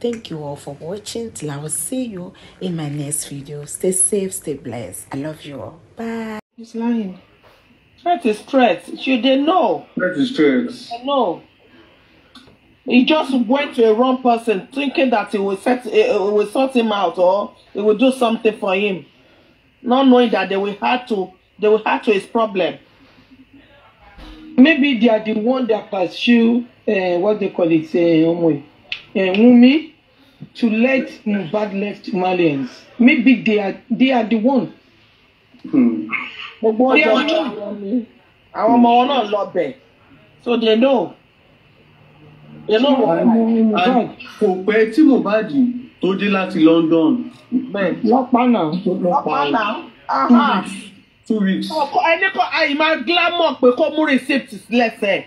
Thank you all for watching. Till I will see you in my next video. Stay safe, stay blessed. I love you all. Bye. He's lying. Threat is threat. You didn't know. Threat is threat. I know. He just went to a wrong person thinking that he will set it will sort him out or it will do something for him. Not knowing that they will have to they will have to his problem. Maybe they are the one that pursue uh, what they call it, uh, eh, eh, Wumi to let Mubad left Malians maybe they are they are the one. But gbogbo ọjọ́ àwọn ọmọ wọn náà lot bẹ̀ so they know they know what Mohbad. kò pẹ́ tí Mohbad tó dé láti London. lọ́pàá náà. lọ́pàá náà. two weeks. ẹni kan àyè máa gílámọ̀ pé more receipts. receipt lẹ́sẹ̀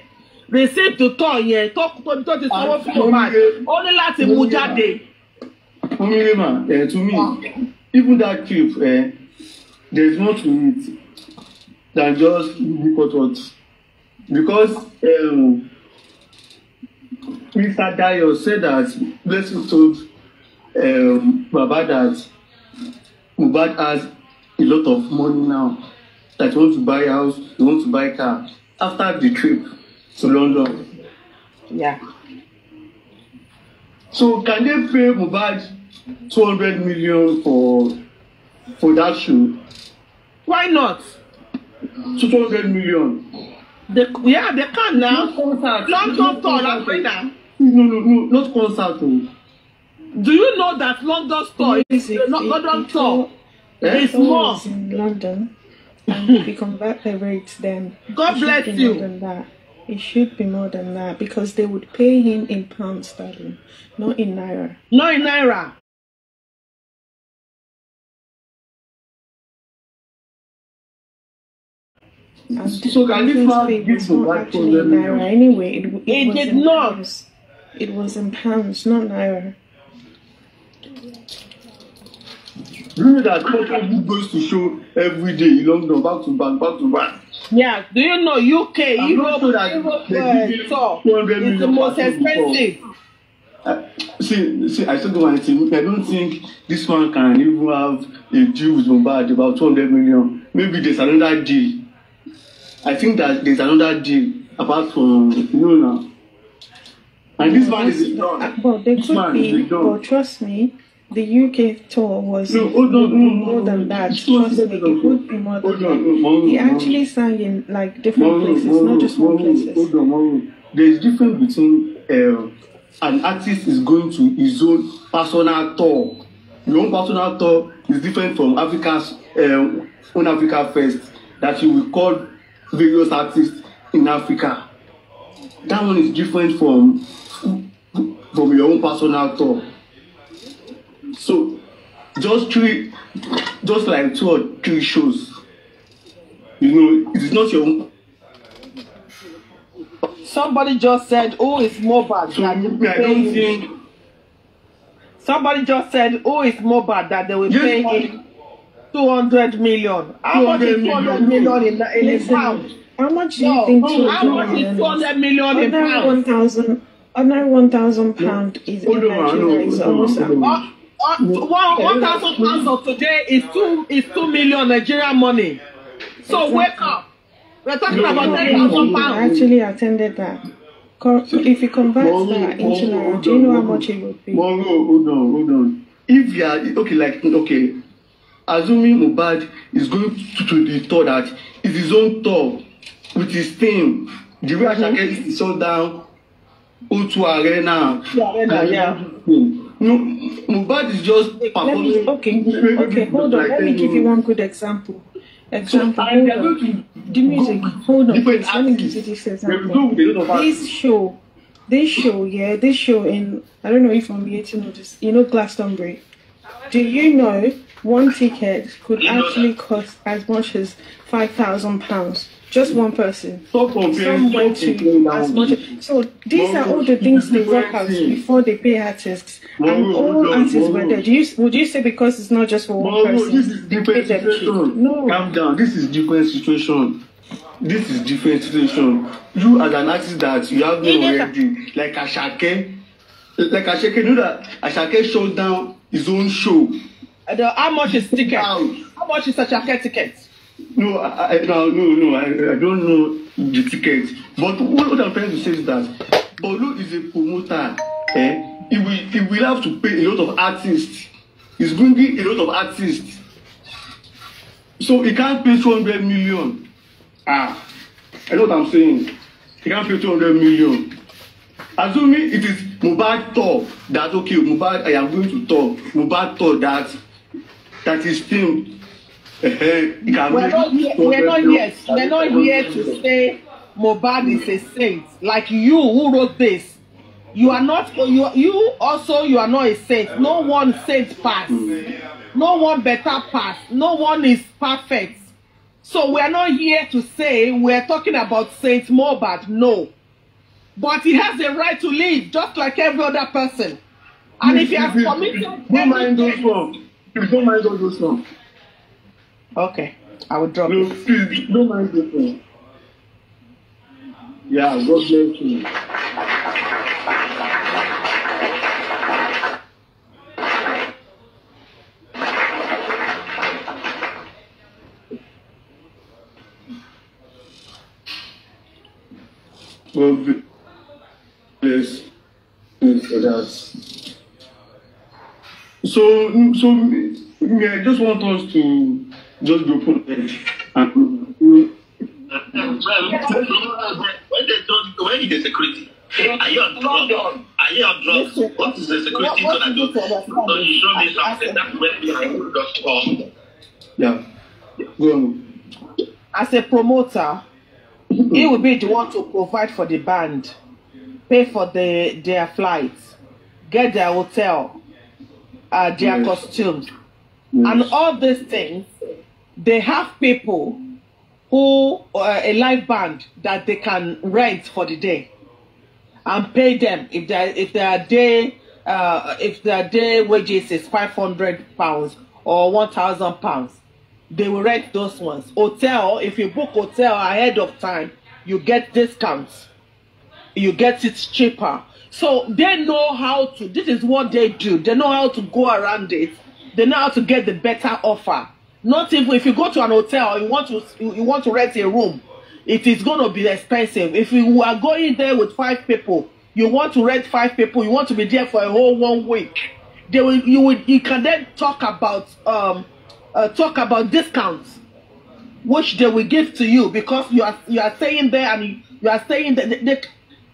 rìsíìtì tó yẹn tó tó ti sanwó fún Mohbad ó ní láti mú jáde. omire man? eh, to me even that clip eh, there is more to it than just report because um, Mr. Dayo said that Blessing told um, Baba that Mohbad has a lot of money now that he wants to buy house, he wants to buy car after the trip to London. Yeah. So can they pay Mohbad hundred million for for that show? Why not? Two hundred million. They, yeah, they can now. London tour last week now. No, no, no, not concert. Oh. Do you know that London tour is it, London it, tour? Eh? It's more. In London. And we convert the rates then. God bless you. It should be more than that because they would pay him in pounds sterling, not in naira. Not in naira. And so Khalifa gives the white in naira anyway. It, it, it did not. Pounds. It was in pounds, not naira. You know that couple who goes to show every day in London, back to back, back to back. Yeah, do you know UK, I'm Europe, sure that Europe uh, tour is the most expensive. Uh, see, see, I said one thing. I don't think this one can even have a deal with Mumbai about 200 million. Maybe there's another deal. I think that there's another deal apart from you know now. And this man is a don. But they this could be. But trust me, The UK tour was no, hold on, more on, than that. Trust me, it would be more than that. He actually sang in like different places, not just one places. Hold on, hold on. There is difference between uh, an artist is going to his own personal tour. Your own personal tour is different from Africa's uh, own Africa Fest that you will call various artists in Africa. That one is different from from your own personal tour. So just three, just like two or three shows. You know, it's not your own. Somebody just said, "Oh, it's Mobad." So, that they I do think. Somebody just said, "Oh, it's more bad that they will yes, pay him two hundred million." How much is two hundred million in, in pound? How much do you no, think? Oh, is two hundred million in pound? One thousand. Another one thousand pound is in almost. Ah. Uh, one one thousand pounds of today is two is two million Nigerian money. So exactly. wake up. We're talking yeah, about ten thousand pounds. Actually attended that. so if you convert that into naira, do you know how much it would be? hold on, hold on. If you are okay, like okay, assuming Mubad is going to, to the tour that is his own tour with his team, the way Asake mm-hmm. is shut down, O2 Arena, the Arena, yeah. No, but it's just Okay, okay, hold on. Like let me give you one good example. Example. So, hold on. To the music. hold on. let me give you this example. This show, this show, yeah, this show in I don't know if I'm getting or this, you know, Glastonbury. Do you know one ticket could actually cost as much as five thousand pounds? Just one person. Someone to as much. So these are all the things they work out before they pay artists, and all artists were there. Do you would you say because it's not just for one person? This is different situation. No, calm down. This is different situation. This is different situation. You as an artist that you have no already, like Asake, like Asake, you know that Asake shut down his own show. how much is ticket? How much is Asake ticket? No, I, I no, no, I, I don't know the tickets. But what, what I'm trying to say is that Bolu is a promoter. Eh? He will, he will have to pay a lot of artists. He's bringing a lot of artists. So he can't pay 200 million. Ah, I know what I'm saying. He can't pay 200 million. Assuming it is Mubarak talk. that okay, Mubarak, I am going to talk. Mubarak talk. that that is filmed we're not here, we're not here, we're not here to say Mobad is a saint. Like you who wrote this, you are not. You you also you are not a saint. No one saint pass. No one better pass. No one is perfect. So we are not here to say we are talking about Saint Mobad No, but he has a right to live just like every other person. And if, if he has if, committed, don't mind those wrong. don't mind those wrong. Okay, I will drop no, it. Please, don't mind this one. Yeah, God bless you. God bless you for that. So, so yeah, I just want us to just be open head and when they don't when is the security are you on drugs are you on drugs what is the security gonna do so you show me something that went behind go just yeah go on as a promoter he will be the one to provide for the band pay for the, their flights get their hotel uh, their yes. costumes yes. and all these things they have people who uh, a live band that they can rent for the day and pay them if their if their day uh, if their day wages is five hundred pounds or one thousand pounds, they will rent those ones. Hotel if you book hotel ahead of time, you get discounts, you get it cheaper. So they know how to. This is what they do. They know how to go around it. They know how to get the better offer. not even if you go to an hotel or you want to you want to rent a room it is going to be expensive if you are going there with five people you want to rent five people you want to be there for a whole one week they will you will you can then talk about um uh, talk about discounts which they will give to you because you are you are staying there and you, are staying there they, they,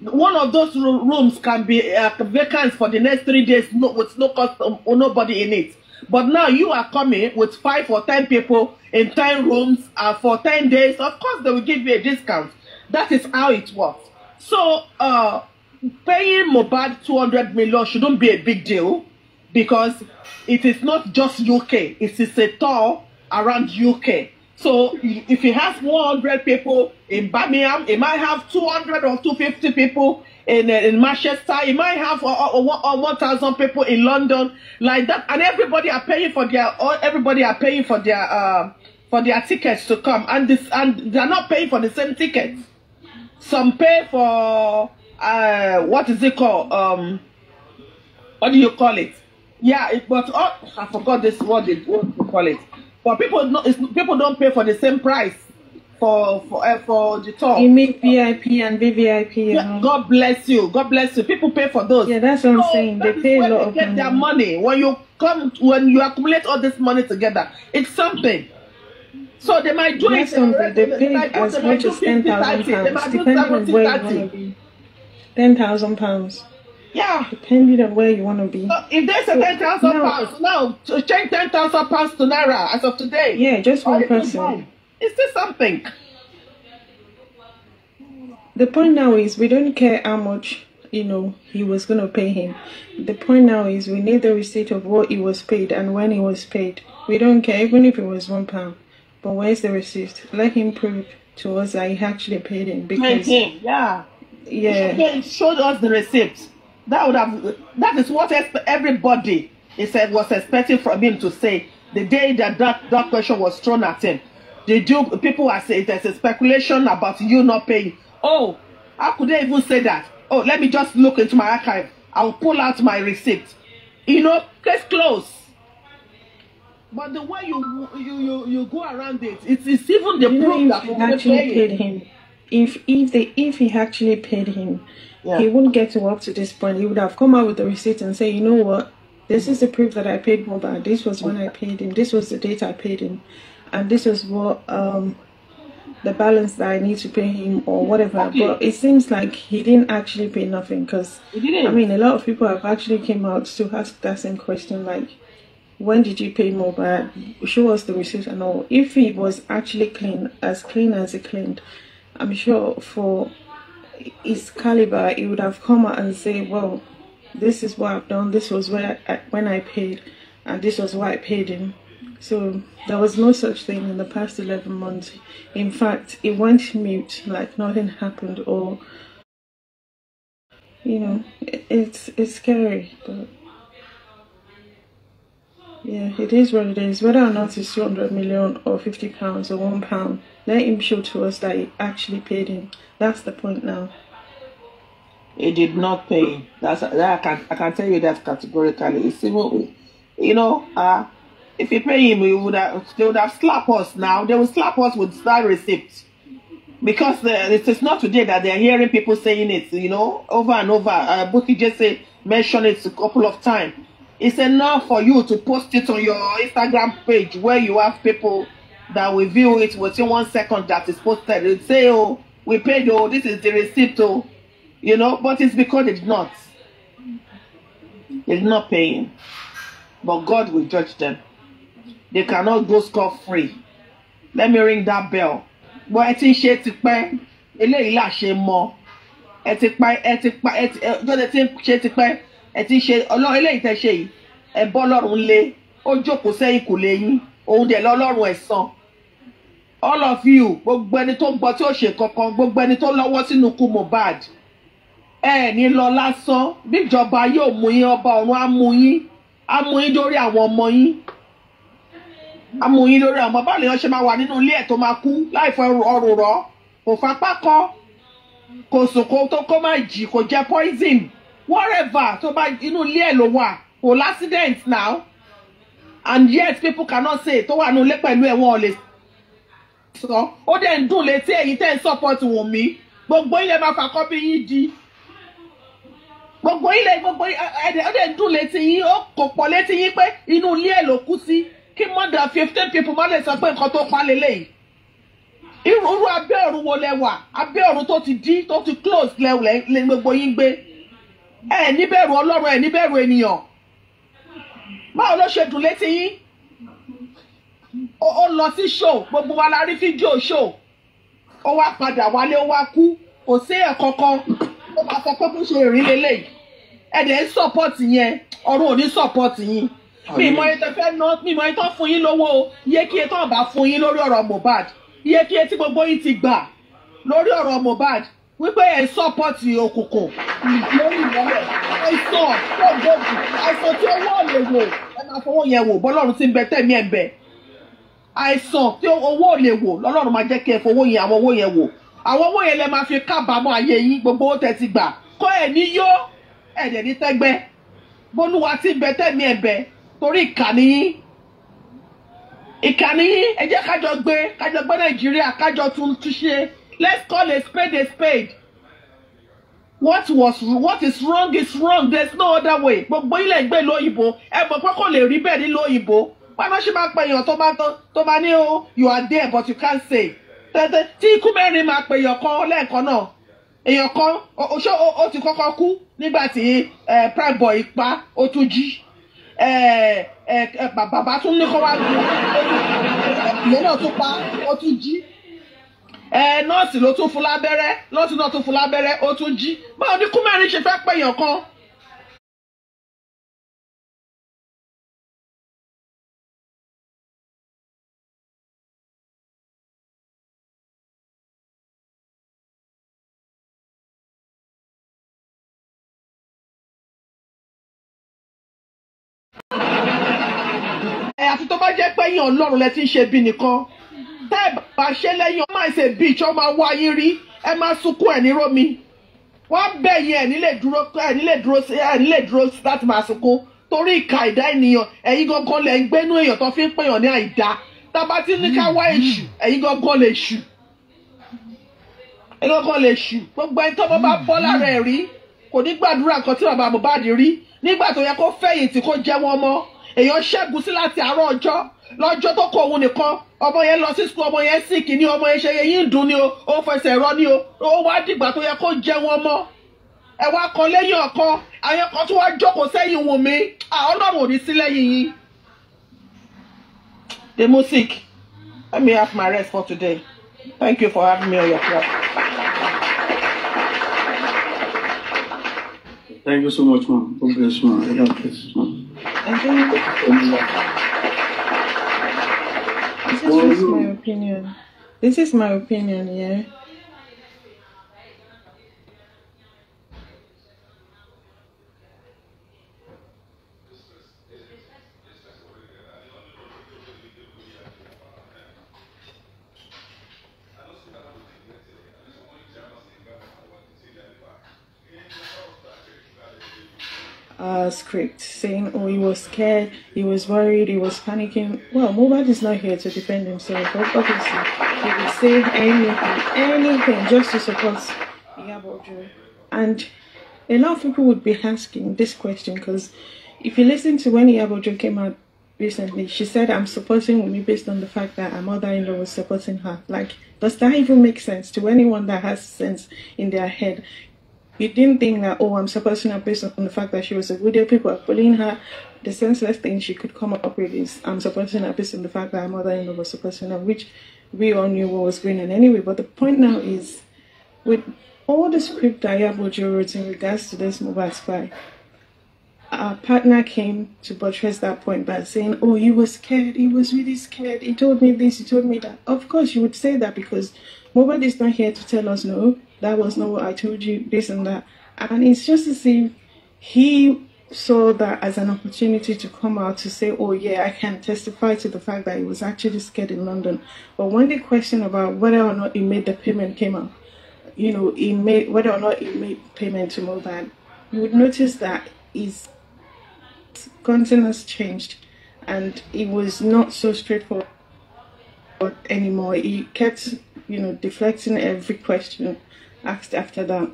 one of those rooms can be uh, vacant for the next three days no, with no cost um, nobody in it But now you are coming with five or ten people in ten rooms uh, for ten days. Of course, they will give you a discount. That is how it works. So uh, paying Mobad 200 million shouldn't be a big deal because it is not just UK. It is a tour around UK. So if he has 100 people in Birmingham, he might have 200 or 250 people in, uh, in Manchester. It might have uh, uh, 1,000 uh, people in London like that. And everybody are paying for their, everybody are paying for their, uh, for their tickets to come. And this, and they're not paying for the same tickets. Some pay for, uh, what is it called? Um, what do you call it? Yeah, it, but oh, I forgot this word. What you call it? But people, not, people don't pay for the same price for for uh, for the talk. You mean VIP and VVIP. Yeah, God bless you. God bless you. People pay for those. Yeah, that's what I'm saying. They pay a lot of get money. their money. When you come, when you accumulate all this money together, it's something. So they might do that's it. Something. They, they pay like, as much as ten thousand pounds, depending on where you want to be. Ten thousand pounds. Yeah. Depending on where you want to be. Uh, if there's so, a 10,000 pounds, now change 10,000 pounds to Naira as of today. Yeah, just one person. Is this something? The point now is we don't care how much you know he was going to pay him. The point now is we need the receipt of what he was paid and when he was paid. We don't care even if it was one pound. But where's the receipt? Let him prove to us that he actually paid him because him. yeah yeah he showed us the receipt. That would have that is what everybody he said was expecting from him to say the day that that, that question was thrown at him. They do. People are saying there's a speculation about you not paying. Oh, how could they even say that? Oh, let me just look into my archive. I'll pull out my receipt. You know, case close. But the way you you you, you go around it, it's, it's even the proof that he actually paid him. If if they if he actually paid him, yeah. he wouldn't get to up to this point. He would have come out with the receipt and say, you know what, this is the proof that I paid Mother. This was when I paid him. This was the date I paid him and this is what um, the balance that I need to pay him or whatever. Okay. But it seems like he didn't actually pay nothing because I mean a lot of people have actually came out to ask that same question like when did you pay more back? Show us the receipt and all. If he was actually clean, as clean as he claimed, I'm sure for his caliber, he would have come out and say, well, this is what I've done. This was where I, when I paid, and this was what I paid him. So there was no such thing in the past 11 months. In fact, it went mute like nothing happened or you know, it's it's scary, but yeah, it is what it is. Whether or not it's 200 million or 50 pounds or one pound, let him show to us that he actually paid him. That's the point now. He did not pay. That's that I can I can tell you that categorically. It's even, you know, uh, if you pay him, he would have, they would have slapped us now. They will slap us with that receipt. Because uh, it is not today that they're hearing people saying it, you know, over and over. Uh, Buki just said, mentioned it a couple of times. It's enough for you to post it on your Instagram page where you have people that will view it within one second that is posted. They say, oh, we paid, oh, this is the receipt, oh, you know, but it's because it's not. It's not paying, But God will judge them. they cannot go scot free let me ring that bell bó ẹ ti ń ṣe tipẹ́ eléyìí là ṣe mọ ẹ ti pa ẹ ti pa ẹ ti ẹ ti ń ṣe tipẹ́ ẹ ti ń ṣe ọlọ́run eléyìí tẹ ṣe yìí ẹ bọ́ lọ́rùn lé ó jókòó sẹ́yìn kò lè yín òun dẹ̀ lọ́lọ́run ẹ̀san all of you gbogbo ẹni tó gbọ́ tí ó ṣe kankan gbogbo ẹni tó lọ́wọ́ sínú ikú Mohbad ẹ ní lọ lásán bíjọba yóò mú yín ọba ọ̀run á mú yín á mú yín dórí àwọn ọmọ yín amòyìn lórí ọmọ báwo lèèyàn ṣe máa wà nínú ilé ẹ tó máa kú láì fọ ọrùn rọ kò fapá kọ kò sùn tó kó má poison whatever tó bá inú ilé ẹ ló wà kò now and yet people cannot say tó wà nínú ilé pẹ̀lú ẹ̀ wọ́n sọ ó dẹ̀ ń dùn létí support wọ̀n mi gbogbo ile máa fàkọ́ bí yín di gbogbo ile gbogbo ẹ̀dẹ̀ ó dẹ̀ ń dùn létí yín ó kò pọ̀ létí ilé ẹ̀ ló kú sí. kí more than fifteen people má lè sọ pé nǹkan tó pa lélẹ́yìí irú abẹ́ ọ̀run wo lẹ wà abẹ́ ọ̀run tó ti dí tó ti close lẹ gbogbo yín gbé ẹ níbẹ̀rù ọlọ́run ẹ níbẹ̀rù ènìyàn báwo ló ṣe dùn létí yín ó lọ sí show gbogbo wa la rí fídíò show ó wá padà wálé ó wá kú kò sí ẹ̀ kankan ó bá sọ pé kó ṣe ìrìn lélẹ́yìí ẹ̀ dẹ̀ ń support yẹn ọ̀run ò ní support yín mi mọ ètò fẹ́ ná mi mọ ètò fún yín lówó o iye kí ètò ọ̀bà fún yín lórí ọ̀rọ̀ Mohbad iye kí etí gbogbo yín ti gbà lórí ọ̀rọ̀ Mohbad wípé ẹ̀ sọ́pọ̀tì òkùnkùn lórí ìmọ́lẹ̀ àìsàn tó gbòògùn àìsàn tí owó ò lè wò ẹ máa fọwọ́ yẹn wò bọ́lọ́run ti ń bẹ tẹ̀mí ẹ̀ bẹ àìsàn tí owó ò wò lọ́lọ́run máa jẹ́ kí ẹ fowó yẹn àwọn owó yẹn wò àwọn owó yẹn lẹ máa fi kábàámọ̀ ayé yín gbogbo owó ti gbà kọ́ ẹ̀ ní yó ẹ̀dẹ̀ ní tẹ́gbẹ́ bólúwa ti ń bẹ tẹ̀mí ẹ̀ bẹ́ẹ̀ torí ìkànnì yín ìkànnì yín ẹ jẹ́ kájọ gbé kájọ gbé nàìjíríà kájọ tún tún ṣe let's call a spade a spade what was what is wrong is wrong there is no other way gbogbo ilẹ̀ gbé lóyìnbó ẹ mọ̀ pé kò lè rí bẹ́ẹ̀ ní lóyìnbó pàmò ṣe máa pèèyàn tó bá tó bá ní o you are there but you can't say tẹ́tẹ́ tí ikú mẹ́rin máa pèèyàn kan lẹ́ẹ̀kan náà èèyàn kan ó ti kọ́kọ́ kú nígbà tí eh, prime boy pa ó tún jí bàbá tún ní kọ́ wá lu ìyẹn náà tún pa ó tún jí nọ́ọ̀sì ló tún fún lábẹ́rẹ́ nọ́ọ̀sì náà tún fún lábẹ́rẹ́ ó tún jí báwo ni kúmẹ́rin ṣe fẹ́ pẹ̀yàn kan. àti tó bá jẹ́ pé yín ọlọ́run lẹ ti ń ṣe bí nìkan tá ẹ̀ bá ṣe lẹ́yìn ọmọ àìsè beach ọmọ awọ yín rí ẹ máa sunkún ẹ̀ ní rómi wọ́n bẹ̀ yín ẹ̀ nílé dúró ẹ̀ nílé dúró ẹ̀ nílé dúró láti máa sunkún torí ìka ìdá ènìyàn ẹ̀yin gangan lẹ̀ ń gbénú èèyàn tó fi ń pèèyàn ní àìdá tábà tí ní ká wá èṣù ẹ̀yin gangan lè ṣù ẹ̀yin gangan lè ṣù gbogbo ẹni tó bá bá bọ́ lára ẹ̀ rí kò ní gbàdúrà kan tí bàbá Mohbad rí nígbà tó yẹ èèyàn ṣẹ́gun sí láti àárọ̀ ọjọ́ lọ́jọ́ tó kọ òun nìkan ọmọ yẹn lọ sí sùkúl ọmọ yẹn sì kìíní ọmọ yẹn ṣe yẹyìn dùn ni o ó fẹsẹ̀ rọ ni o ó wá dìgbà tó yẹ kó jẹun ọmọ ẹ̀wà kan lẹ́yìn ọ̀kan àwọn kan tó wá jókòó sẹ́yìn wù mí ọlọ́run ò ní sí lẹ́yìn yìí. the music let me have my rest for today thank you for having me on your platform. Thank you so much, ma'am. God bless ma'am. God bless you, ma'am. I think this is just my opinion. This is my opinion, yeah. uh, script saying, oh, he was scared, he was worried, he was panicking. Well, Mobad is not here to defend himself, but obviously he will say anything, anything just to support Yabojo. And a lot of people would be asking this question because if you listen to when Yabojo came out recently, she said, I'm supporting me based on the fact that her mother in law was supporting her. Like, does that even make sense to anyone that has sense in their head? you didn't think that oh i'm supporting her based on the fact that she was a video people are bullying her the senseless thing she could come up with is i'm supporting her based on the fact that her mother-in-law was suppressing her which we all knew what was going on anyway but the point now is with all the script Ayabojo wrote in regards to this mobile spy our partner came to buttress that point by saying, Oh, he was scared. He was really scared. He told me this. He told me that. Of course, you would say that because Moment is not here to tell us, no, that was not what I told you, this and that. And it's just as if he saw that as an opportunity to come out to say, oh, yeah, I can testify to the fact that he was actually scared in London. But when the question about whether or not he made the payment came up, you know, he made whether or not he made payment to Mobad, you would notice that his countenance changed and it was not so straightforward anymore. He kept you know, deflecting every question asked after that.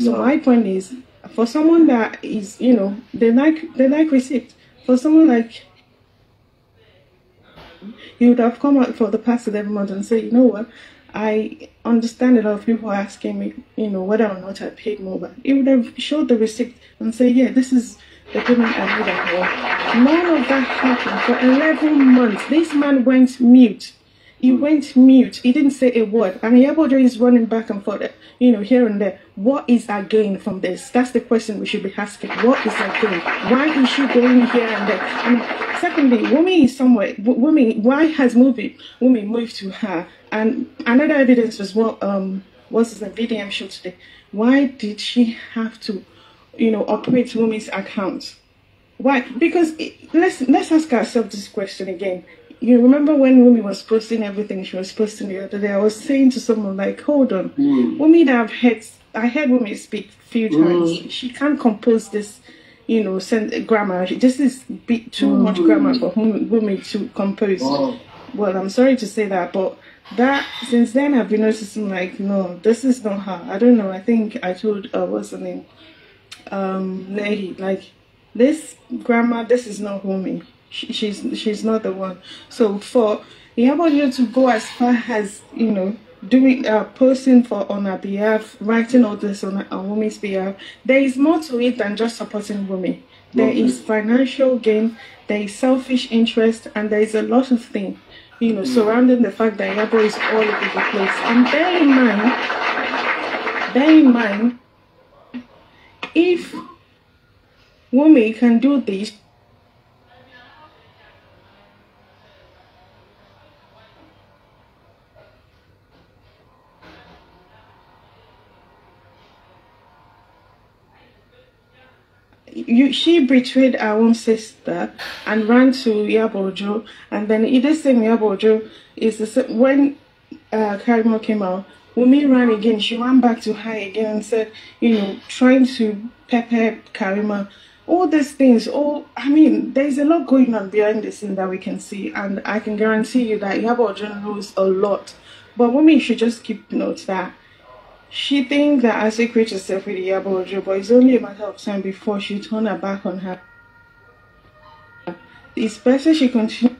So my point is, for someone that is, you know, they like they like receipt. For someone like you would have come out for the past eleven months and say, you know what, I understand a lot of people asking me, you know, whether or not I paid more, but it would have showed the receipt and say, yeah, this is the payment I made at all. None of that happened for eleven months. This man went mute. He went mute. He didn't say a word. And mean, Yabodre is running back and forth, you know, here and there. What is our gain from this? That's the question we should be asking. What is our gain? Why is she going here and there? And secondly, Wumi is somewhere. Wumi, why has movie Wumi moved to her? And another evidence was what um was the VDM show today. Why did she have to, you know, operate Wumi's account? Why? Because it, eh, let's let's ask ourselves this question again you remember when Wumi was posting everything she was posting the other day? I was saying to someone like, "Hold on, mm. Wumi, I've heard, I heard Wumi speak a few hmm. times. Mm. She can't compose this, you know, send, grammar. This is bit too mm. much grammar for Wumi to compose." Wow. Well, I'm sorry to say that, but that since then I've been noticing like, no, this is not her. I don't know. I think I told uh, what's her name, um, Nehi, like this grammar. This is not Wumi she's she's not the one. So for you to go as far as you know doing uh, posting for on her behalf, writing all this on a woman's behalf, there is more to it than just supporting women. There okay. is financial gain, there is selfish interest, and there is a lot of things, you know, surrounding the fact that Yabo is all over the place. And bear in mind, bear in mind, if women can do this, you, she betrayed her own sister and ran to Yabojo. And then in the same Yabojo is the same, when uh, Karimo came out, Wumi ran again. She ran back to her again and said, you know, trying to pepper Karima. All these things, all I mean, there's a lot going on behind the scene that we can see, and I can guarantee you that Yabojo knows a lot. But Wumi should just keep note that she thinks that Asi creates herself with Iyabojo, but it's only a matter of time before she turns her back on her. It's better she continues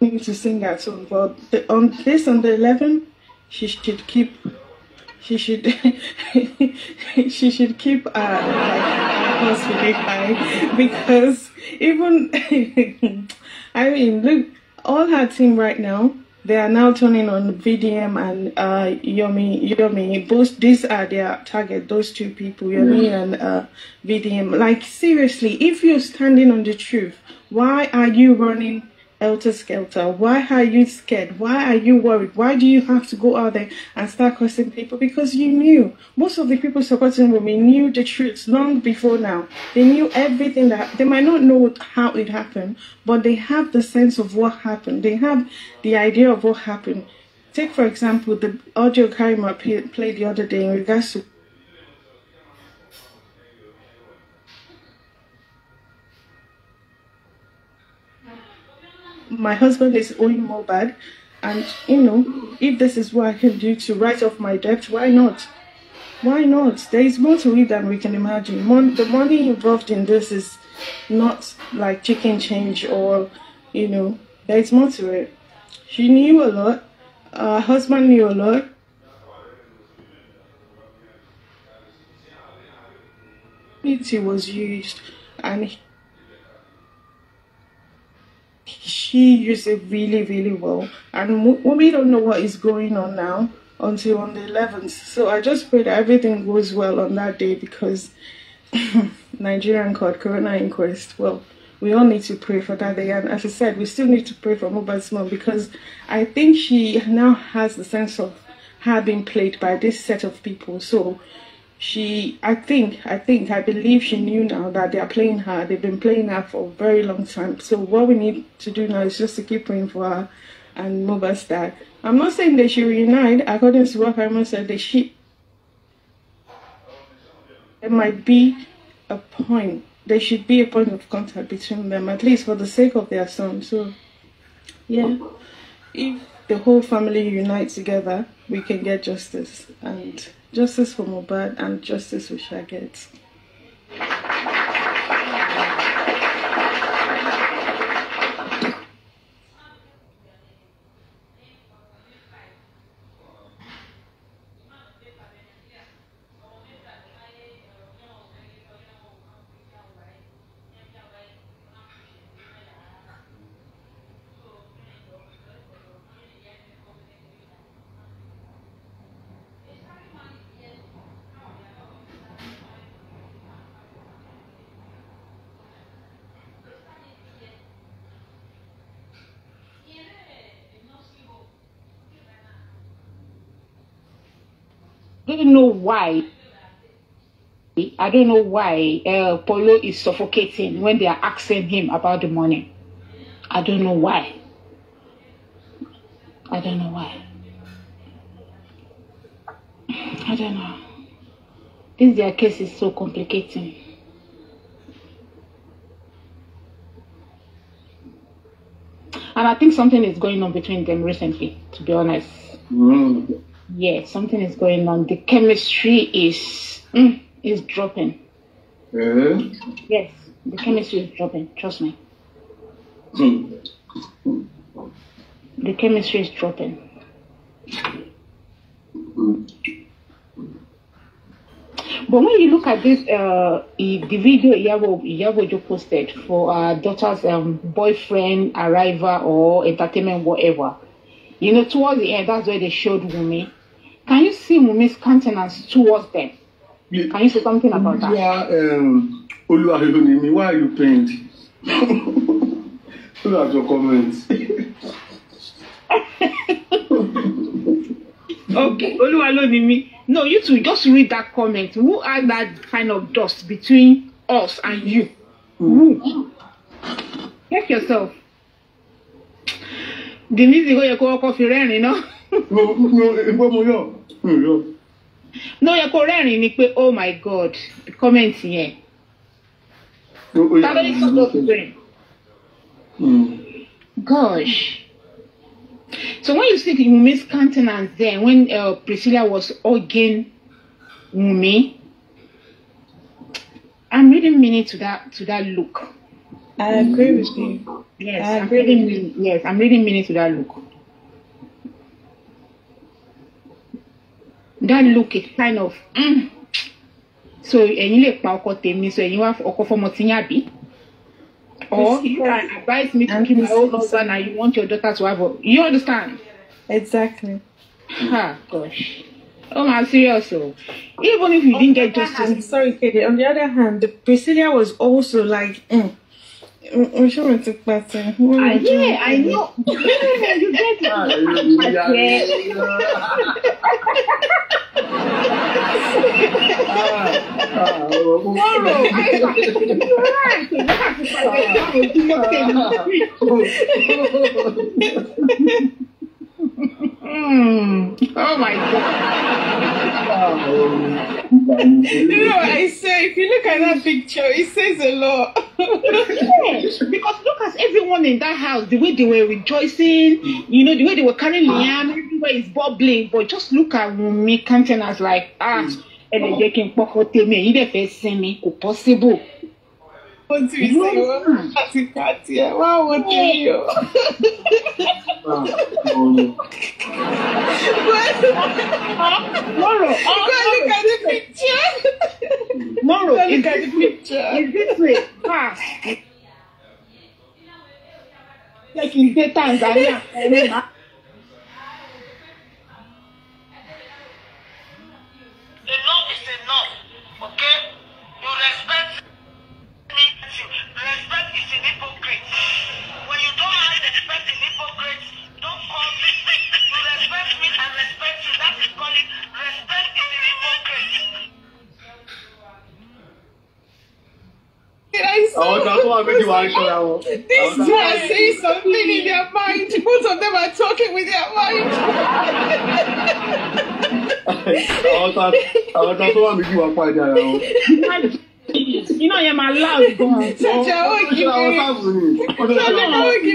to sing at home, but the, on um, this, on the 11th, she should keep, she should, she should keep uh, like, high because even, I mean, look, all her team right now, they are now turning on VDM and uh, Yomi. Yomi, both these are their target. Those two people, Yomi mm. and uh, VDM. Like seriously, if you're standing on the truth, why are you running elter skelter. Why are you scared? Why are you worried? Why do you have to go out there and start cursing people? Because you knew. Most of the people supporting Wumi knew the truth long before now. They knew everything that they might not know how it happened, but they have the sense of what happened. They have the idea of what happened. Take for example the audio Karima played the other day in regards to my husband is owing more bad. And, you know, if this is what I can do to write off my debt, why not? Why not? There is more to it than we can imagine. Mon- the money involved in this is not like chicken change or, you know, there is more to it. She knew a lot. Her husband knew a lot. It was used and she used it really, really well. And we don't know what is going on now until on the 11th. So I just pray that everything goes well on that day because Nigerian court, Corona Inquest, well, we all need to pray for that day. And as I said, we still need to pray for Mobile mom because I think she now has the sense of her being played by this set of people. So she i think i think i believe she knew now that they are playing her they've been playing her for a very long time so what we need to do now is just to keep praying for her and move us back i'm not saying they should reunite according to what Hyman said they should there might be a point there should be a point of contact between them at least for the sake of their son so yeah if the whole family unites together we can get justice and Justice for Mubad and justice we shall get. why I don't know why uh, Polo is suffocating when they are asking him about the money. I don't know why. I don't know why. I don't know. This their case is so complicating. And I think something is going on between them recently, to be honest. Mm yeah, something is going on. The chemistry is mm, is dropping. Really? Yes, the chemistry is dropping. Trust me. the chemistry is dropping. But when you look at this, uh, the video Yabo, Yabo posted for our daughter's um, boyfriend arrival or entertainment, whatever, you know, towards the end, that's where they showed Wumi Can you see Mumi's countenance towards them? You, Can you say something about that? Yeah, um, Oluwayomi, why are you pained? Look at your comments. okay, Oluwayomi. No, you two just read that comment. Who are that kind of dust between us and you? Mm. Who? Check yourself. Denise, go your co-op, you're no, no, no, no, no, no, no, no, no, no, no, Hmm. ló yẹ kó rẹ́rìn ni pé oh my god kọ́mẹ̀ntì yẹn tábìlì tó tó fi rìn gosh so when you see Wumi's countenance there when uh, Priscilla was hugging Wumi I'm reading meaning to that to that look. I agree with you. Yes, I'm reading. yes, I'm reading meaning to that look. that look it, kind of mm. so you lè pa ọkọ tèmi so ẹ̀yin wá ọkọ fọmọ tí or you can advise me to keep my old husband and you want your daughter to have a you understand. exactly. ah gosh. Oh my serious oh. Even if you didn't get justice. Hand, sorry, Katie. On the other hand, the Priscilla was also like, mm, I'm sure it's a person. I, yeah, I know. you get ah, it. Tomorrow. Mm. Oh my God. You no, I say, if you look at that picture, it says a lot. yes, because look at everyone in that house, the way they were rejoicing, you know, the way they were carrying Liam, ah. everywhere is bubbling. But just look at Wunmi countenance like, ah, and they taking Poko Temi, even they face me, possible. What do you say? Wow, what do you? Molo. Oh, look at the picture. Molo, look at the picture. Is this way? Fast. Like in the Tanzania. àwọn ta tó wà méjì wà pa ìdá ara wọn. iná yẹn máa láàrú gan-an. ṣèjọ ó kí wéré ṣèjọ ó kí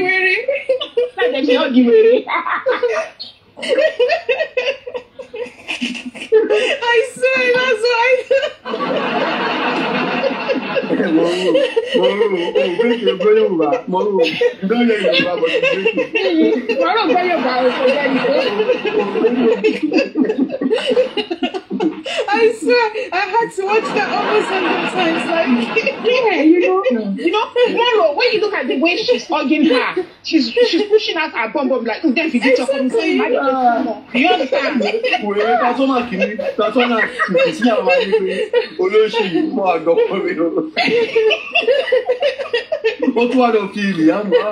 wéré. ṣèjọ ó I swear that's why. Mọ̀rún mọ̀rún o bẹ́ẹ̀ gbé Yorùbá mọ̀rún gbẹ́yẹ̀ Yorùbá bọ̀ sí bẹ́ẹ̀. Mọ̀rún gbẹ́yẹ̀ Yorùbá o kò bẹ́ẹ̀ swear, I had to watch that almost sometimes. Like, yeah, you know, you know, Moro, when you look at the way she's hugging her, she's she's pushing out her bum bum like, then oh, you get your bum saying, you understand? That's all I can. That's all I can. See how I do. Olóṣì, mo àgọ́ fún mi o. Ó feel? wá lọ fi ìyáàmù á.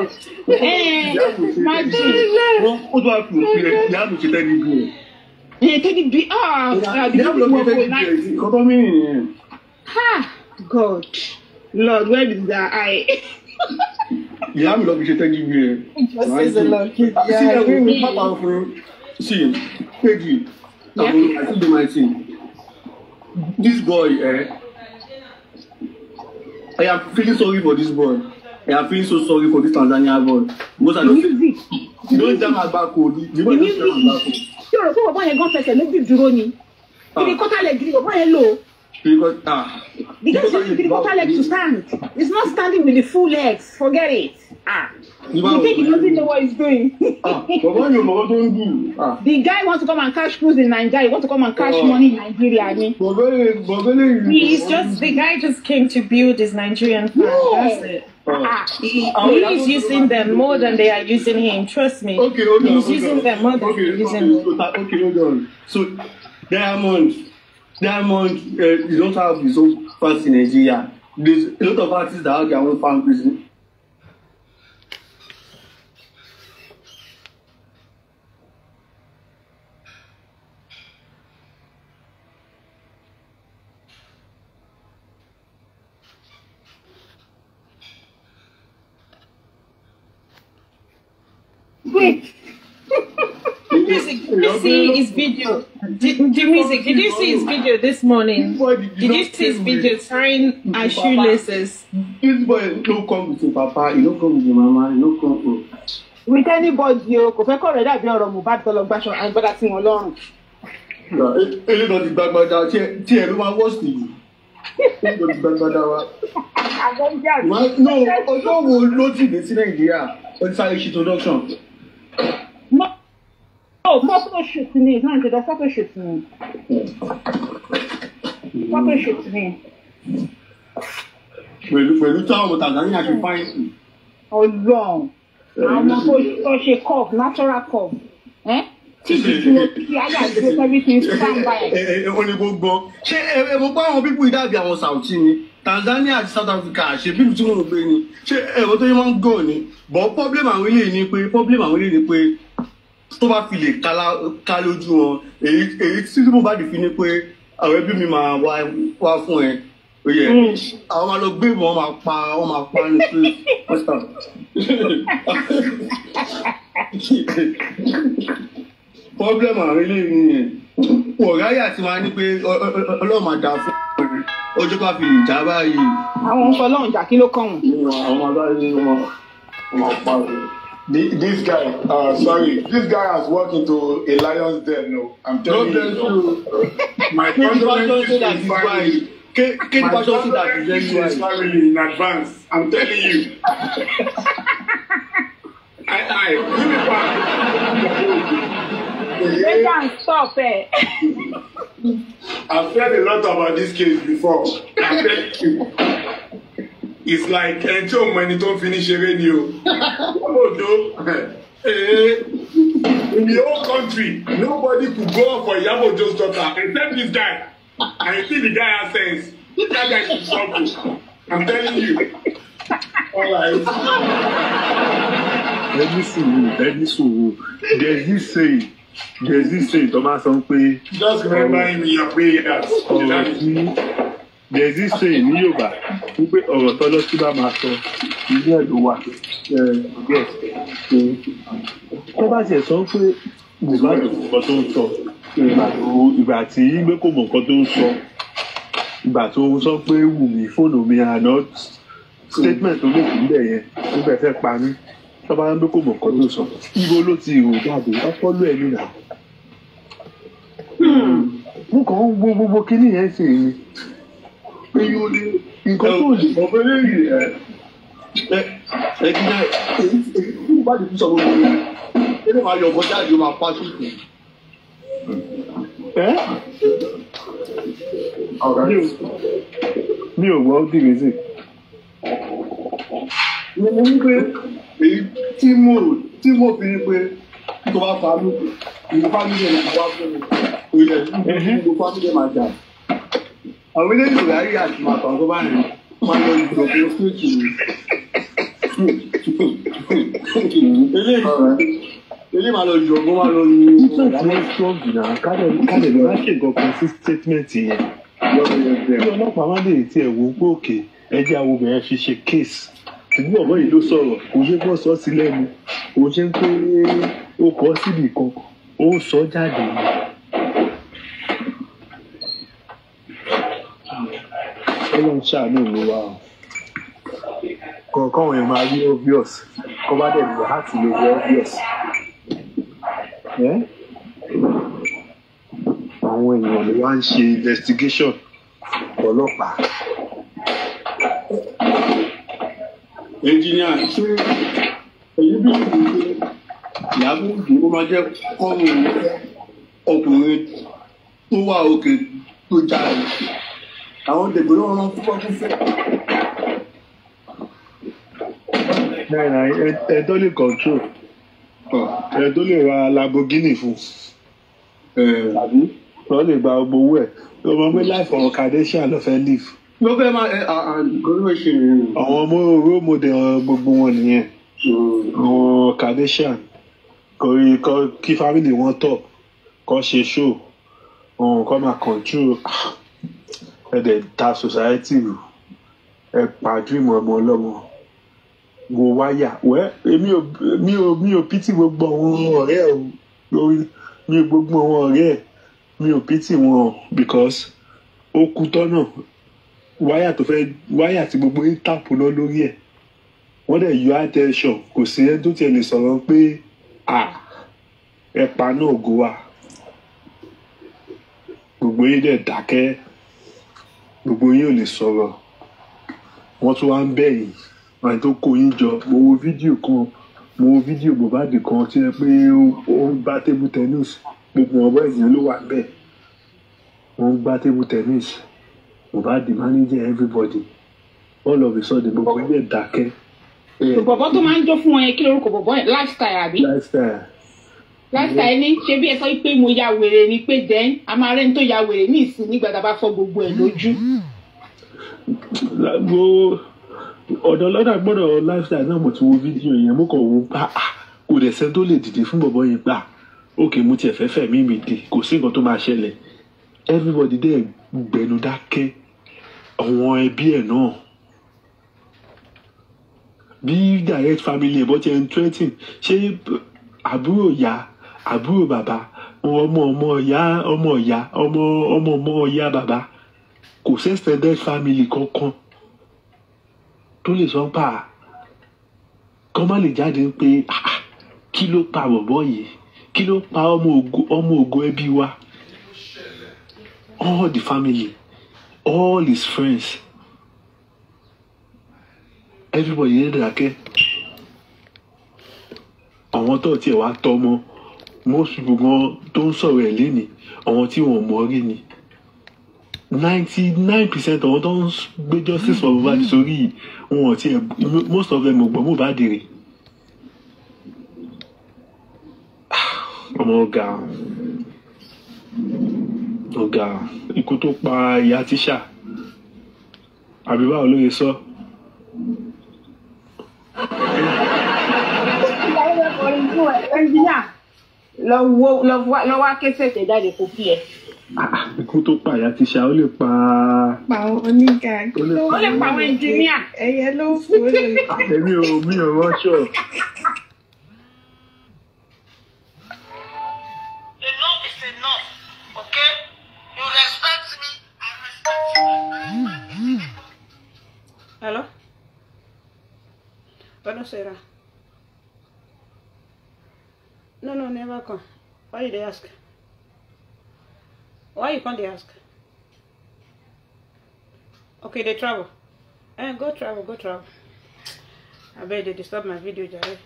Ìyáàmù ṣe tẹ́lẹ̀. Ó tún wá fi you rẹ̀ ìyáàmù ṣe tẹ́lẹ̀ yẹn tẹ́lẹ̀ bí ah àdìgbò wọ̀ wọ̀ náà. nǹkan tó mí nìyẹn. ha god lord where is that eye. ìyá mi lọ fi ṣe tẹ́jú bí ẹ. ìjọsìn lọ kí ìyá ẹ wí mi. pápá fún sí péjì tàbí àti ìdè máa this boy eh, I am feeling sorry for this boy. I am feeling so sorry for this Tanzania boy. Most of the music. Don't jam àgbákò. You don't jam àgbákò. Ṣé o rò pé bàbá yẹn gan fẹsẹ̀ méjì dúró ni? Ah. Kìrìkọ́tà leg ni bàbá yẹn lò. Kìrìkọ́tà. Because ah. you use kìrìkọ́tà leg to stand. It's not standing with the full legs. Forget it. Ah. You think he doesn't know what he's doing? Ah. yóò mọ̀ ọ́ tó ń dù. Ah. The guy wants to come and cash cruise in Nigeria. He wants to come and cash uh, money in Nigeria. Bọ̀bẹ́lẹ̀ Bọ̀bẹ́lẹ̀ He's just the guy just came to build his Nigerian fan. That's it. He, is using them more than they are using him. Trust me. Okay, hold He's hold using them more than okay, he's using okay, so, okay, hold on. So, Diamond, Diamond, uh, you don't have his own fans in Nigeria. There's a lot of artists that have their own fan Wait. you see his video? Did, the music. Did you see his video this morning? Did, you see his video tying our shoelaces? This boy no come with your papa. He no come with your mama. He no come. With With anybody, o oh, kò fẹ́ kọ́ rẹ̀ dàbí ọ̀rọ̀ Mohbad tó lọ gbàṣọ àgbàdà sí wọn lọ́rùn. Èlé náà ti gbàgbàdà tí ẹ̀ ló máa wọ́ sí i. Èlé náà ti gbàgbàdà wa. Àgbọ̀njà. Ọjọ́ wo ló jìnnì sí Nàìjíríà? Ó ti sáré ṣe introduction. Mo oh, photoshoot ni, náà ti lọ photoshoot ni. Photoshoot ni. Pẹ̀lú pẹ̀lú táwọn Tanzania ṣe fáìsì. Ọlọ́run, àwọn tó ṣe cup, natural cup. Eh? Tí ìdílé kí ayé àgbẹ̀ everything stand by. Ẹ ẹ ẹ ó ní gbogbo. Ṣé àwọn pípú ìdábì àwọn Sàùtì ni? Tanzania àti South Africa ṣe bílù tí wọn ò gbé ni ṣé ẹ̀rọ tó yẹ wọn ń gàn ni bọ́ pọ́blẹ́mù àwọn eléyìí ni pé pọ́blẹ́mù àwọn eléyìí ni pé tó bá fi lè ká lójú wọn èyí tí mo bá dì fi ni pé àwọn ẹbí mi máa wá fún ẹ oyè hmm. àwọn máa lọ gbé ìbọn wọn máa pa wọn máa pa ní sí ọsàn. pọ́blẹ́mù àwọn eléyìí nìyẹn ọ̀ráyà tí wàá ní pé ọlọ́run máa dà fún ọ̀rẹ́ ọjọ́ bá fi ìjà báyìí. àwọn ń fọlọ́run jà kí ló kàn wọ́n. àwọn aláìní wọn máa pa òun. this guy, uh, sorry, this guy has walked into a lion's den. No, I'm telling no, you. My condolences is his family. My condolences is his family in advance. I'm telling you. I, I, give me back make am stop eh. I've heard a lot about this case before I thank you it's like ẹni tí òun ẹni tó ń fi ní ṣeré ni eh, in the whole country nobody could go up for Iyabo Ojo's daughter except this guy I see the guy has sense That guy guy is trouble I'm telling you all right. ẹni Let me see. there is this saying there's this saying tó máa sọ pé. just remember oh, him in your prayers. ọ̀rọ̀ oh, tí there's this saying ní Yorùbá wípé ọ̀rọ̀ tọ́lọ́ tí bá máa sọ ilé ẹ̀ ló wà yes tó bá ṣe sọ pé Mohbad kò mọ nǹkan tó ń sọ ìgbà tí gbé kò mọ nǹkan tó ń sọ ìgbà tó ń sọ pé Wùmí fóònù mi àná statement tó lè kú bẹ̀ yẹn níbẹ̀ fẹ́ pa mí tọ́ba ń dókòwò nǹkan tó sọ ibo ló ti rò jáde ọpọlọ ẹ̀ nìyà. mo kàn ń wo gbogbo kínní yẹn ṣe ni pé yóò lé nǹkan tó lè. ọ̀pẹ lẹ́yìn ẹ̀ ẹ ẹ kí ẹ kí bá dìbò sọ̀rọ̀ mi ni kí ló máa yọ ọkọ jáde ó máa pa sùkùn. ẹ mi ò gbọ́ dìgbèsè. mo mú pé èyí tí mo tí mo fi rí pé tó bá fa mí ìlú fámílì ẹ̀ máa wá fún mi ilẹ̀ ìlú fámílì máa jà. àwọn eléyìí ò ráyè àti màtọ̀ tó bá rìn máa lọ ìgbòho fújì mi. eléyìí máa lọ ìgbòho máa lọ ní. títọ́ tí wọ́n strong náà kálẹ̀ kálẹ̀ ló wá ṣègùn kan sí statement yẹn. bí ọlọ́pàá má lè tiẹ̀ wò ó pé òkè ẹjẹ́ àwọn obìnrin fi ṣe case ṣùgbọ́n ọ̀bọ yìí ló sọ̀rọ̀ kò ṣe kó sọ sí lẹ́nu kò ṣe pé ó kọ́ síbì kan ó sọ jáde ni. ọlọ́run ṣàánú ìlú wa o kọ̀ọ̀kan èèyàn máa rí obvious kọ́ bá dẹ̀ lọ láti lè rí obvious. àwọn èèyàn ló wá ń ṣe investigation ọlọ́pàá ẹnjìnìà ṣé èyí bí kò ní pé ìyàbò ìdúró máa jẹ́ kọ́rùn ọkùnrin tó wà òkè tó já rẹ̀ àwọn dègbè náà rán fúnpá fúnfẹ́. ẹ tó lè control ẹ tó lè ra Lamborghini fún tàbí lọ lè gba gbogbo owó ẹ lọmọ pé láìfọ Kardashian ló fẹ́ live ló fẹ́ máa gómìnà ṣe rẹ̀. àwọn ọmọ role model gbogbo wọn nìyẹn hmm. àwọn Kardashian kọrí kí family wọn tọ kọ ṣe ṣó òun kọ máa control ẹdẹ ta society rù ẹ pàdú ìmọ̀ ọmọ ọlọ́mọ wo wáyà wẹ́ èmi ò mi ò mi ò pítì gbogbo àwọn ọ̀rẹ́ ẹ̀ lórí mi ò gbogbo àwọn ọ̀rẹ́ ẹ̀ mi ò pity wọn because ó kú tọ́nà wáyà tó fẹ́ wáyà tí gbogbo yín tàpù lọ lórí ẹ̀ wọ́n dẹ̀ yọ attention kò sí ẹni tó tiẹ̀ lè sọ̀rọ̀ pé à ẹ̀pà náà ògo wa gbogbo yín dẹ̀ dákẹ́ gbogbo yín ò lè sọ̀rọ̀ wọ́n tún wá ń bẹ̀yìn àwọn tó kó yín jọ mo wo fídíò kan mo wo fídíò Mohbad kan tí ẹ pé ó ń gbá table tennis gbogbo ọ̀rọ̀ ẹ̀yìn ló wà bẹ́ẹ̀ wọ́n ń gbá table tennis. Mohbad the manage everybody all of a sudden gbogbo ilé dákẹ́. bọ̀bọ̀ tó máa ń jó fún ọ yẹn kí lorúkọ bọ̀bọ̀ yẹn lifestyle àbí. lifestyle. lifestyle ní ṣe bí ẹ sọ pé mo ya wèrè ni pé then a máa rẹ́ni tó ya wèrè ní ìsìn nígbà tá a bá fọ gbogbo ẹ̀ lójú. mo ọ̀dọ̀ lọ́dà gbọ́dọ̀ lifestyle náà mo ti wo fídíò yẹn mo kàn wò pa ah, ah, kò dẹ̀ sẹ́ni tó lè dìde fún bọ̀bọ̀ yẹn gbà òkè ah, mo tiẹ̀ fẹ́ fẹ̀mí mi dì kò sí nǹkan tó máa ṣẹlẹ̀ everybody dẹ̀ gbẹnu dákẹ́ àwọn ẹbí ẹ̀ náà bí direct family ẹ̀ bọ́ ti ẹ̀ ń threaten ṣé àbúrò ìyá àbúrò bàbá ọmọ ọmọ ìyá ọmọ ìyá ọmọ ọmọ ọmọ ìyá bàbá kò sí extended family kankan tó lè sọ pa ah, kọ́ má lè jáde pé ah, ah, kí ló pa bọ̀bọ̀ yìí kí ló pa ọmọ ògo ẹbí wa all the family all his friends everybody yẹn dákẹ́ àwọn tó tiẹ̀ wá tọ́ mọ́ most people gan tó ń sọ̀rọ̀ ẹ̀ lénìí àwọn tí wọ́n mọ̀ rí ni ninety nine percent àwọn tó ń gbé justice for Mohbad hmm. sórí yìí wọn tiẹ̀ most of them ò gbọ́ Mohbad rè ah, ọmọ ọ̀gá ọ̀gá ikú tó pa ìyá tíṣà àbí báwo ló yẹ sọ. lọ wá kẹsẹ̀ tẹ̀ jáde kó kí ẹ. Ah, ikú tó pa ìyá tíṣà ó lè pa. pa àwọn oníga ó lè pa àwọn ẹnjìníà. ẹyẹ ló fò ó lè. Ah, èmi ò mi ò rọ́ṣọ̀. never come why you dey ask why you can't dey ask okay they travel eh go travel go travel I bet they disturb my video jare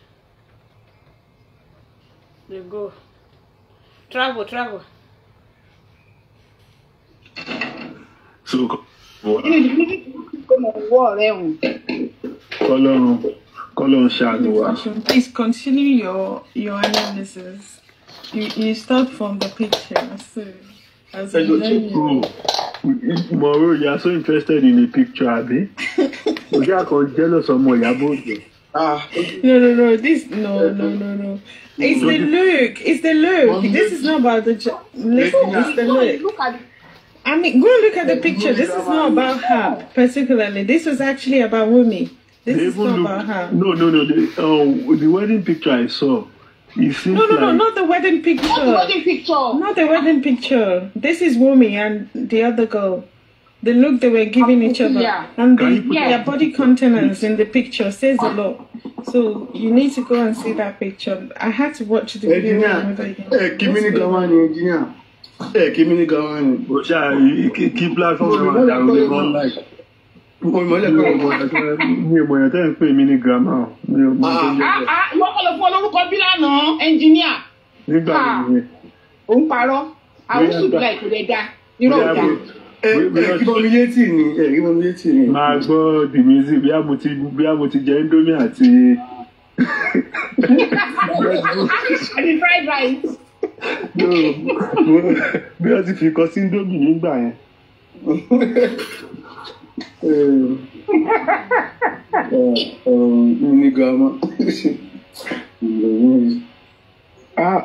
dey go travel travel. so come. ọ̀rẹ́ Please continue your your analysis. You, you start from the picture. So, as I you learn. Moro, you are so interested in the picture, abi? Oja kan jealous ọmọ Ìyábọ̀ Òjó. Ah. No, no, no. This no, no, no, no. It's the look. It's the look. This is not about the. Listen, it's the look. I mean, go and look at the picture. This is not about her particularly. This was actually about Wumi. This they is not look, about her. No, no, no. uh, the wedding picture I saw. It seems no, no, like... no, not the wedding picture. Not the wedding picture. Not the wedding picture. This is Wumi and the other girl. The look they were giving each other yeah. and the, yeah. their body countenance in the picture says a lot. So you need to go and see that picture. I had to watch the video. Hey, eh, eh, Kimini Gawani, engineer. Hey, Kimini Gawani. Keep life on that will Ìmọ̀lẹ̀ pé mi ò mọ̀yàn tẹ́ ń pè mí ní gírámà o. Wọ́n kọ́ lọ fún olórúkọ bí lánàá ẹnjìníà. Nígbà ah. wo ni? Ó ń parọ́. Àwọn sùdúrà ìkúrẹ́ dá. Irọ́ ò dá. Ẹ̀ẹ́dìmọ̀lẹ́tì eh, eh, ni eh, Unigama. Ah,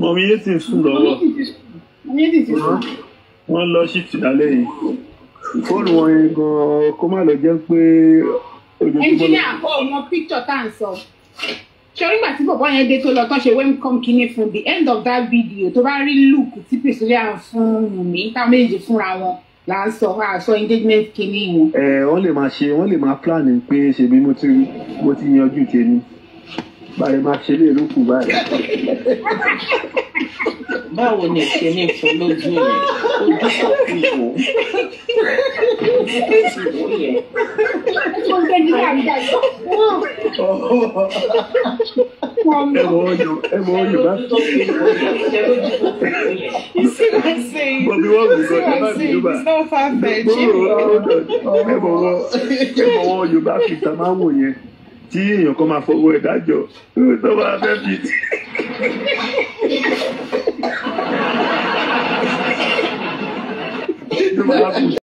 mọ̀mí yé ti sùn lọ́wọ́ wọ́n lọ sí ìdálẹ́ yìí fóònù wọn yẹn gan-an kó má lọ jẹ́ pé ojoojúmọ́ lọ. ẹnjíníà kọ́ ọmọ píktọ̀ tá à ń sọ ṣorí gbà tí bọ̀bọ̀ yẹn dé tó lọ tán ṣe welcome kinní fún the end of that video tó bá rí look tí priscilla fún mi tá méjì fúnra wọn là ń sọ àṣọ engagement kinní wọn. ẹ wọ́n lè máa ṣe wọ́n lè máa plan pé ṣèbí mo ti yanjú tèmi bàrẹ̀ máa ṣe lè lókù báyìí. báwo ni ìṣe ní fún lójú rẹ ojú kò fi wò ojú kò fi wò yẹ. ẹ mọ ọyọ bá. bọ̀bí wọ́n mi gan ẹ bá mi yóò bá gbòòrò ọ̀dọ̀ ẹ mọ̀ wọ́n Yorùbá fi tàmáwò yẹn tí èèyàn kan máa fọwọ́ ẹ̀ dájọ́ tó bá fẹ́ fi tì. tó bá fi